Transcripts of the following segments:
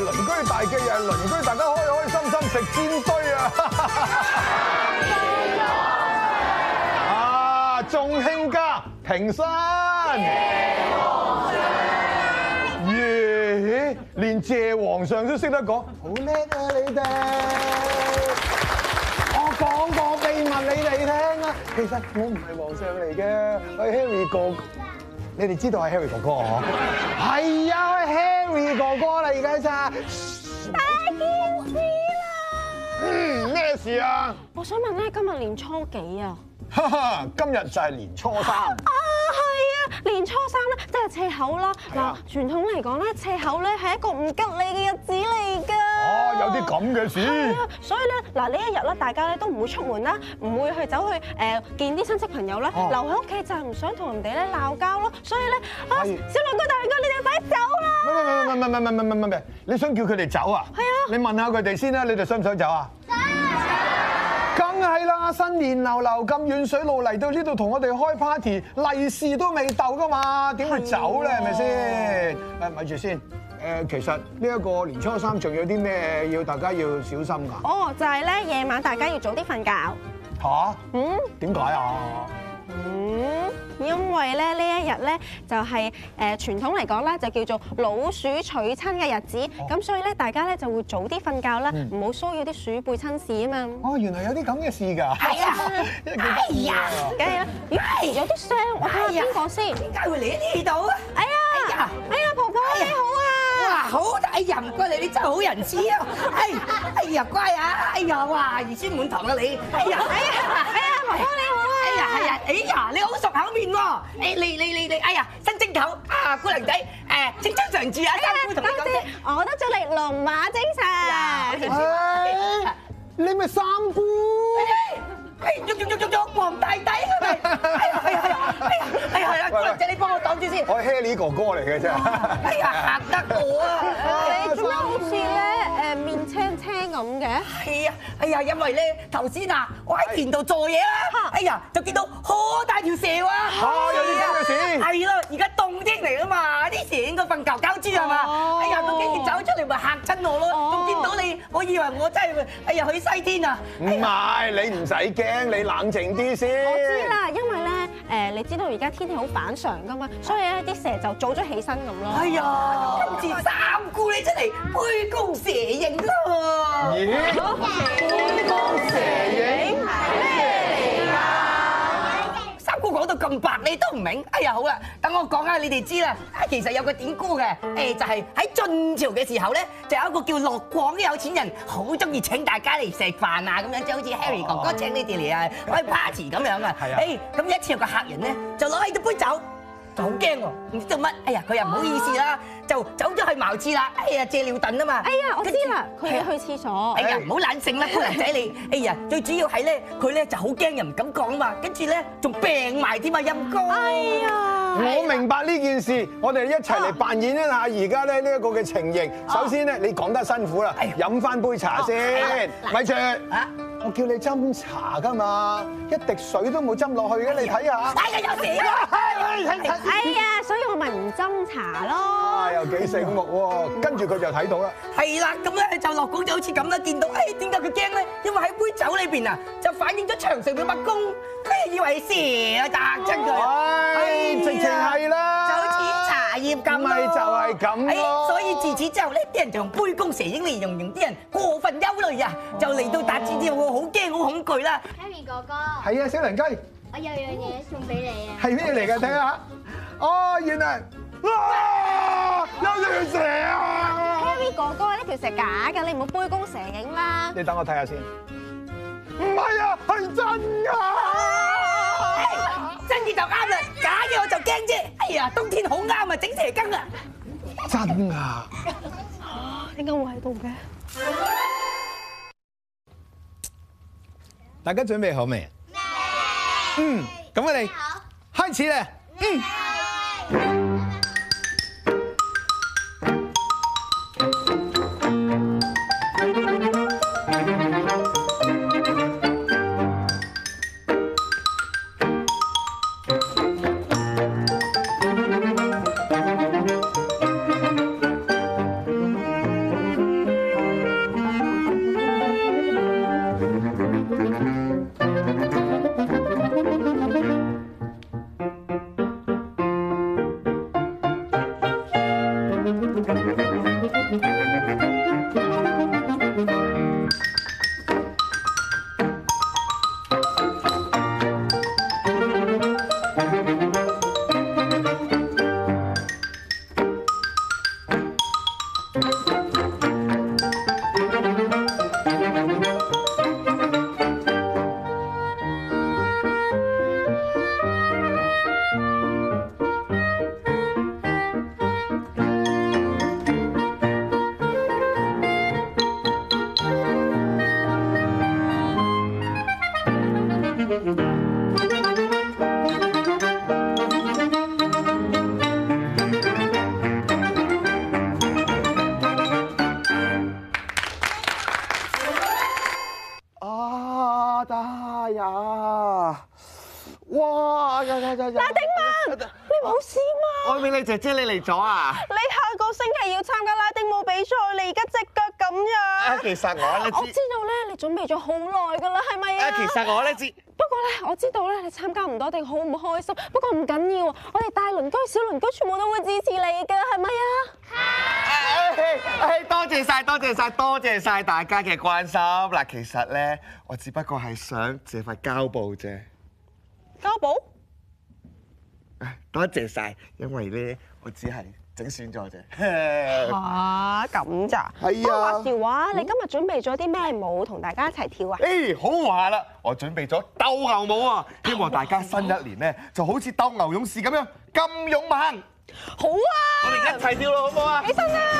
鄰居大記又係鄰居，大家開開心心食煎堆啊！啊，眾卿家平身。耶，yeah, 連謝皇上都識得講，好叻啊！你哋、啊，我講個秘密你哋聽啊！其實我唔係皇上嚟嘅，喂，Harry 哥哥、啊，你哋知道係 Harry 哥哥哦。係啊，Harry 二哥哥啦，而家就，大件事啦！嗯，咩事啊？我想問咧，今日年初幾啊？哈哈，今日就係年初三。啊，係啊！年初三咧，即係赤口啦。嗱，傳統嚟講咧，赤口咧係一個唔吉利嘅日子嚟嘅。啊！有啲咁嘅事，所以咧，嗱呢一日咧，大家咧都唔會出門啦，唔會去走去誒見啲親戚朋友啦，留喺屋企就係唔想同人哋咧鬧交咯。所以咧，小六哥、大哥哥，你哋快走啦！唔唔唔唔唔唔唔唔唔唔，你想叫佢哋走啊？係啊！你問下佢哋先啦，你哋想唔想走啊？走啊！梗係啦，新年流流咁遠水路嚟到呢度同我哋開 party，利是都未逗噶嘛，點會走咧？係咪先？誒，咪住先。誒，其實呢一個年初三仲有啲咩要大家要小心㗎？哦，就係咧夜晚大家要早啲瞓覺。嚇？嗯？點解啊？嗯，因為咧呢一日咧就係誒傳統嚟講咧就叫做老鼠娶親嘅日子，咁所以咧大家咧就會早啲瞓覺啦，唔好騷擾啲鼠輩親事啊嘛。哦，原來有啲咁嘅事㗎。係啊。哎呀，梗係啦。咦，有啲聲，我睇下邊個先。點解會嚟呢度啊？哎呀！好啊！哎呀，唔該你，你真係好人哋啊！哎哎呀，乖啊！哎呀，哇，兒孫滿堂啊你！哎呀，哎呀，哎呀，你好啊！哎呀，係啊！哎呀，你好熟口面喎！哎，你你你你，哎呀，新正頭啊，姑娘仔，誒，青春常駐啊！辛苦同你講聲，我得咗你龍馬精神。哎，你咪三姑，哎，玉玉玉玉玉，皇大帝啊你！哎呀，哎呀，哎呀，姑娘仔你幫我擋住先。我係 Harry 哥哥嚟嘅啫。哎呀，嚇得我～係啊，啊，哎呀，因為咧頭先啊，我喺田度做嘢啦，哎呀，就見到好大條蛇啊，又要拉條線，係咯，而家凍。嚟啊嘛！啲蛇應該瞓覺覺豬係嘛？哎呀，咁你走出嚟咪嚇親我咯！仲見到你，我以為我真係，哎呀，去西天啊！唔係，你唔使驚，你冷靜啲先。我知啦，因為咧，誒，你知道而家天氣好反常㗎嘛，所以咧啲蛇就早咗起身咁啦。哎呀，今次三姑你出嚟，杯弓蛇影啦。杯弓蛇影。咁白你都唔明，哎呀好啦，等我講下你哋知啦，啊其實有個典故嘅，誒就係喺晉朝嘅時候咧，就有一個叫樂廣嘅有錢人，好中意請大家嚟食飯啊咁樣，就好似 Harry 哥哥、哦、請你哋嚟、嗯嗯、啊，開 party 咁樣啊，誒咁一次有個客人咧，就攞起啲杯酒。就好驚喎，唔、啊、知做乜，哎呀，佢又唔好意思啦，就走咗去茅廁啦、啊啊，哎呀，借尿遁啊嘛，哎呀，我知啦，佢去廁所，哎呀，唔好冷靜啦，姑娘仔你，哎呀，最主要係咧，佢咧就好驚，又唔敢講啊嘛，跟住咧仲病埋添啊陰公，哎呀，我明白呢件事，我哋一齊嚟扮演一下而家咧呢一個嘅情形，首先咧你講得辛苦啦，飲返杯茶先、哎，咪、啊、住，啊，我叫你斟茶㗎嘛，一滴水都冇斟落去嘅，你睇下，哎呀，有事啊。哎呀，所以我咪唔斟茶咯。哇，又幾醒目喎！跟住佢就睇到啦。係啦，咁咧就落稿就好似咁啦，見到，哎，點解佢驚咧？因為喺杯酒裏邊啊，就反映咗牆上嘅把弓，咩以為蛇啊，打親佢，哎，直情係啦，就好似茶葉咁，咪就係咁。所以自此之後咧，啲人就用杯弓蛇影嚟形容啲人過分憂慮啊，就嚟到達至之後好驚好恐懼啦。Harry 哥哥，係啊，小良雞。我有樣嘢送俾你啊！係咩嚟㗎？睇下，哦，原來哇，有條蛇啊！Harry 哥哥，呢條蛇假㗎，你唔好杯弓蛇影啦。你等我睇下先，唔係啊，係真㗎！真嘅就啱啦，假嘅我就驚啫。哎呀，冬天好啱啊，整蛇羹啊！真㗎，點解會喺度嘅？大家準備好未？嗯，咁我哋好開始咧。嗯。啊！哇！拉丁舞，你冇事嘛？愛美麗姐姐，你嚟咗啊？你下個星期要參加拉丁舞比賽，你而家隻腳咁樣。啊，其實我呢，知我知道咧，你準備咗好耐噶啦，係咪啊？其實我咧知。不過咧，我知道咧，你參加唔到一定好唔開心。不過唔緊要，我哋大鄰居、小鄰居全部都會支持你噶，係咪啊？係。多謝晒，多謝晒，多謝晒大家嘅關心。嗱，其實咧，我只不過係想借塊膠布啫。膠布？多謝晒！因為咧，我只係整損咗啫。嚇，咁咋？係啊。都、啊、話時話，你今日準備咗啲咩舞同大家一齊跳啊？誒，好話啦，我準備咗鬥牛舞啊，希望大家新一年咧就好似鬥牛勇士咁樣咁勇猛。好啊！我哋一齊跳咯，好唔好啊？起身啦！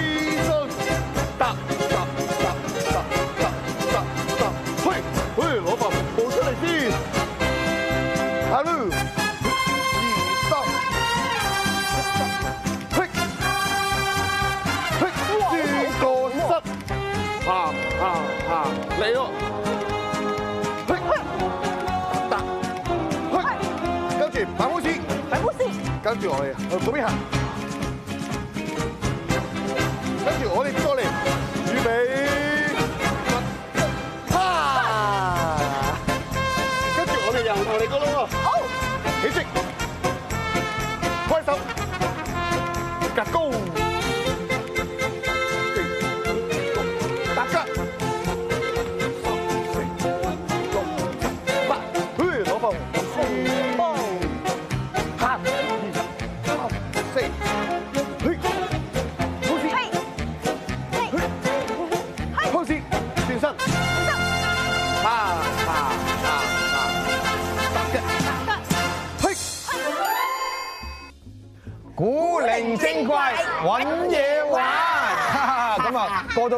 大拇指，大拇指，跟住我哋，去嗰邊行，跟住我哋再嚟，預備。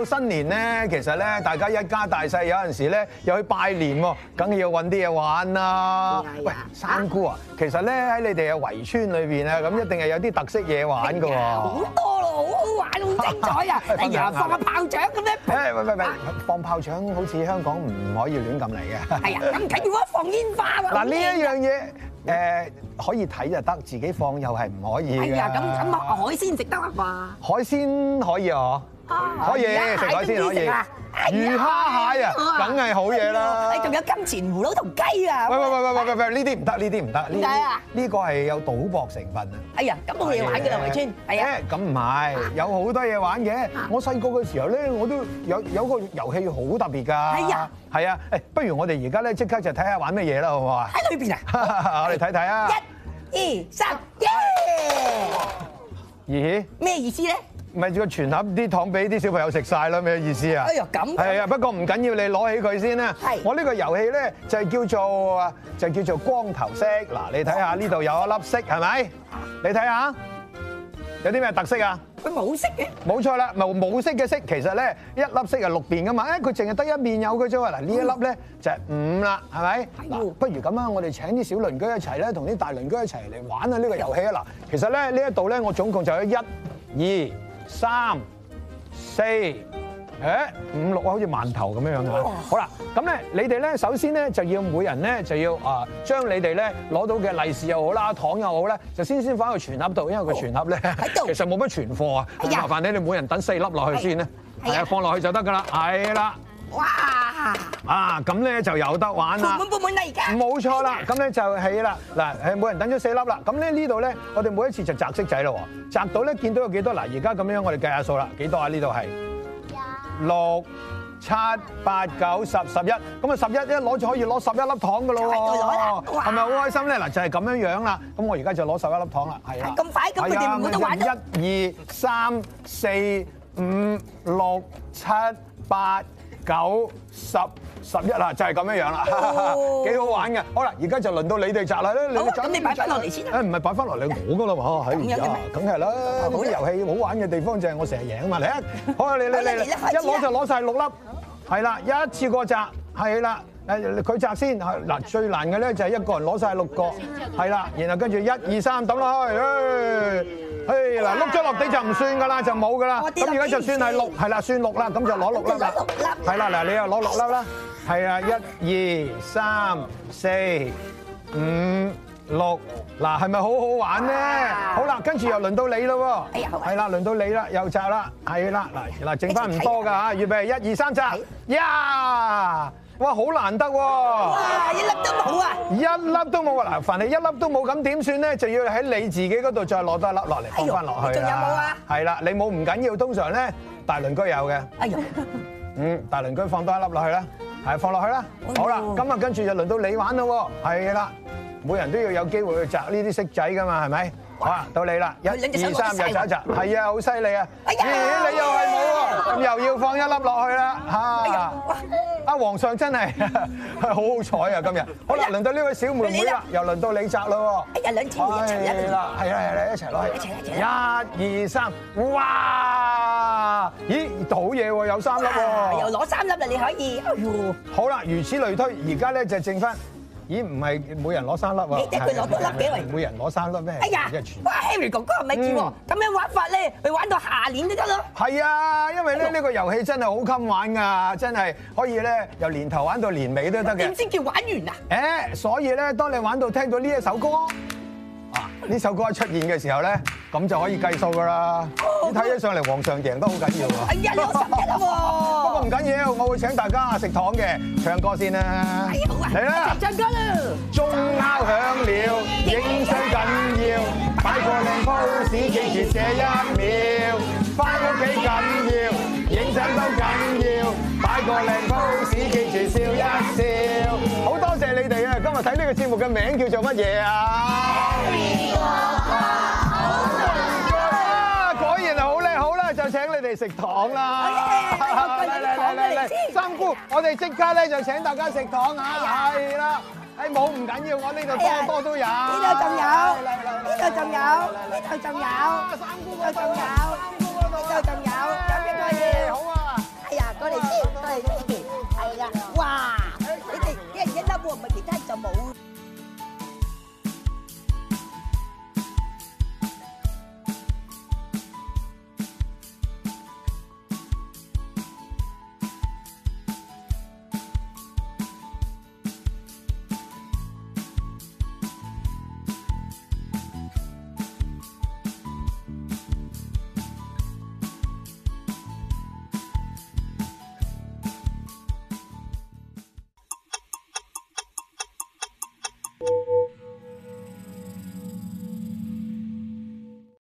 新年咧，其實咧，大家一家大細有陣時咧，又去拜年喎，梗係要揾啲嘢玩啊。喂，三姑啊，其實咧，喺你哋嘅圍村裏邊啊，咁一定係有啲特色嘢玩嘅喎。好多咯，好好玩，好精彩啊！哎呀，放個炮仗咁樣。誒，喂喂喂，放炮仗好似香港唔可以亂咁嚟嘅。係啊，咁緊要放煙花喎。嗱，呢一樣嘢誒，可以睇就得，自己放又係唔可以嘅。係啊，咁咁啊，海鮮食得吖嘛？海鮮可以哦。可以食海鮮可以，魚蝦，吃魚蝦蟹啊，梗係好嘢啦。你仲有金錢葫蘆同雞啊！喂喂喂喂喂喂，呢啲唔得，呢啲唔得，點解啊？呢個係有賭博成分啊！哎呀，咁冇嘢玩嘅啦，圍村。誒，咁唔係，有好多嘢玩嘅。我細個嘅時候咧，我都有有個遊戲好特別㗎。係啊，係啊。誒，不如我哋而家咧即刻就睇下玩咩嘢啦，好唔好啊？喺裏邊啊！我哋睇睇啊！一、二、三、耶！咦？咩意思咧？咪住，個全盒啲糖俾啲小朋友食晒咯，咩意思啊？哎呀，咁係啊！不過唔緊要，你攞起佢先啦。係。我呢個遊戲咧就係叫做啊，就叫做光頭骰。嗱，你睇下呢度有一粒骰，係咪？你睇下，有啲咩特色啊？佢冇色嘅，冇錯啦，唔係冇色嘅色，其實咧一粒色係六邊噶嘛，誒佢淨係得一面有嘅啫喎，嗱呢一粒咧就係五啦，係咪？嗱，不如咁啊，我哋請啲小鄰居一齊咧，同啲大鄰居一齊嚟玩下呢個遊戲啊！嗱，其實咧呢一度咧，我總共就有一、二、三、四。誒五六啊，好似饅頭咁樣樣㗎！哦、好啦，咁咧，你哋咧首先咧就要每人咧就要啊，將你哋咧攞到嘅利是又好啦，糖又好咧，就先先放喺全盒度，因為個全盒咧、哦、其實冇乜存貨啊，哎、麻煩你哋每人等四粒落去先咧，係啊，放落去就得㗎啦，係啦，哇啊咁咧就有得玩啦，滿滿滿滿㗎，冇錯啦，咁咧就起啦嗱，係每人等咗四粒啦，咁咧呢度咧我哋每一次就摘色仔咯喎，摘到咧見到有幾多嗱，而家咁樣我哋計下數啦，幾多啊？呢度係。六七八九十十一，咁啊十一一攞就可以攞十一粒糖噶咯喎，係咪好開心咧？嗱就係、是、咁樣樣啦，咁我而家就攞十一粒糖啦，係啊，係啊，一二三四五六七八。九十十一啦，就係咁樣樣啦，幾好玩嘅。好啦，而家就輪到你哋摘啦，你你擺返落嚟先啊！唔係擺翻落嚟我噶啦嘛，哎呀，梗係啦。嗰啲遊戲好玩嘅地方就係我成日贏嘛，嚟啊！好你你你，一攞就攞晒六粒，係啦，一次過摘，係啦。誒佢擲先，嗱最難嘅咧就係一個人攞晒六個，係啦，然後跟住一二三抌落去，嘿，嗱碌咗落地就唔算噶啦，就冇噶啦。咁而家就算係六，係啦，算六啦，咁就攞六粒啦，係啦，嗱你又攞六粒啦，係啊，一二三四五六，嗱係咪好好玩咧？好啦，跟住又輪到你咯喎，係啦，輪到你啦，又擲啦，係啦，嗱嗱剩翻唔多噶嚇，預備一二三擲。一。啊 yeah! 哇，好難得喎、啊！一粒都冇啊！一粒都冇啊！嗱，凡係一粒都冇咁點算咧？就要喺你自己嗰度再攞多一粒落嚟放翻落去！仲有冇啊？係啦，你冇唔緊要，通常咧大鄰居有嘅。嗯，大鄰居多放多一粒落去啦，係放落去啦、哎。好啦，咁啊跟住就輪到你玩喎！係啦，每人都要有機會去擲呢啲色仔噶嘛，係咪？哇，到你啦！一、二、三、嗯，又扎一扎，係啊，啊，好犀利啊！咦，你又係冇喎，咁又要放一粒落去啦，嚇！啊，皇上真係係好、啊、好彩啊！今日好啦，輪到呢位小妹妹啦，又輪到你摘嘞喎！哎呀，兩隻手一齊啦，係啦係啦，一齊落去！一齊，一齊一、二、三，哇！咦，好嘢喎，有三粒喎！又攞三粒啦，你可以。哎、啊、好啦，如此類推，而家咧就剩翻。咦，唔係每人攞三粒喎、啊，即係佢攞多粒幾圍，每人攞三粒咩？哎呀，哇，Harry 哥哥唔係喎，咁、嗯、樣玩法咧，你玩到下年都得咯。係啊，因為咧呢、哎呢個遊戲真係好襟玩㗎，真係可以咧由年頭玩到年尾都得嘅。點知叫玩完啊？誒、欸，所以咧，當你玩到聽到呢一首歌，啊，呢、啊、首歌一出現嘅時候咧，咁就可以計數㗎啦。你睇起上嚟，皇上贏得好緊要啊。哎呀，你強嘅喎！ 我會請大家食糖嘅，唱歌先啦，嚟啦，唱歌啦，鐘敲響了，影相緊要，擺個靚 pose 記住這一秒，返屋企緊要，影相都緊要，擺個靚 pose 記住笑一笑，好多謝你哋啊！今日睇呢個節目嘅名叫做乜嘢啊？請你哋食糖啦！嚟嚟嚟嚟嚟！三姑，我哋即刻咧就請大家食糖呀，係啦。哎冇唔緊要，我呢度多多都有。呢度仲有，呢度仲有，呢度仲有，三姑啊，呢度仲有，呢度仲有，好啊！哎呀，過嚟，過嚟，過嚟，過嚟，哇！你哋一人一粒？唔係其他人就冇。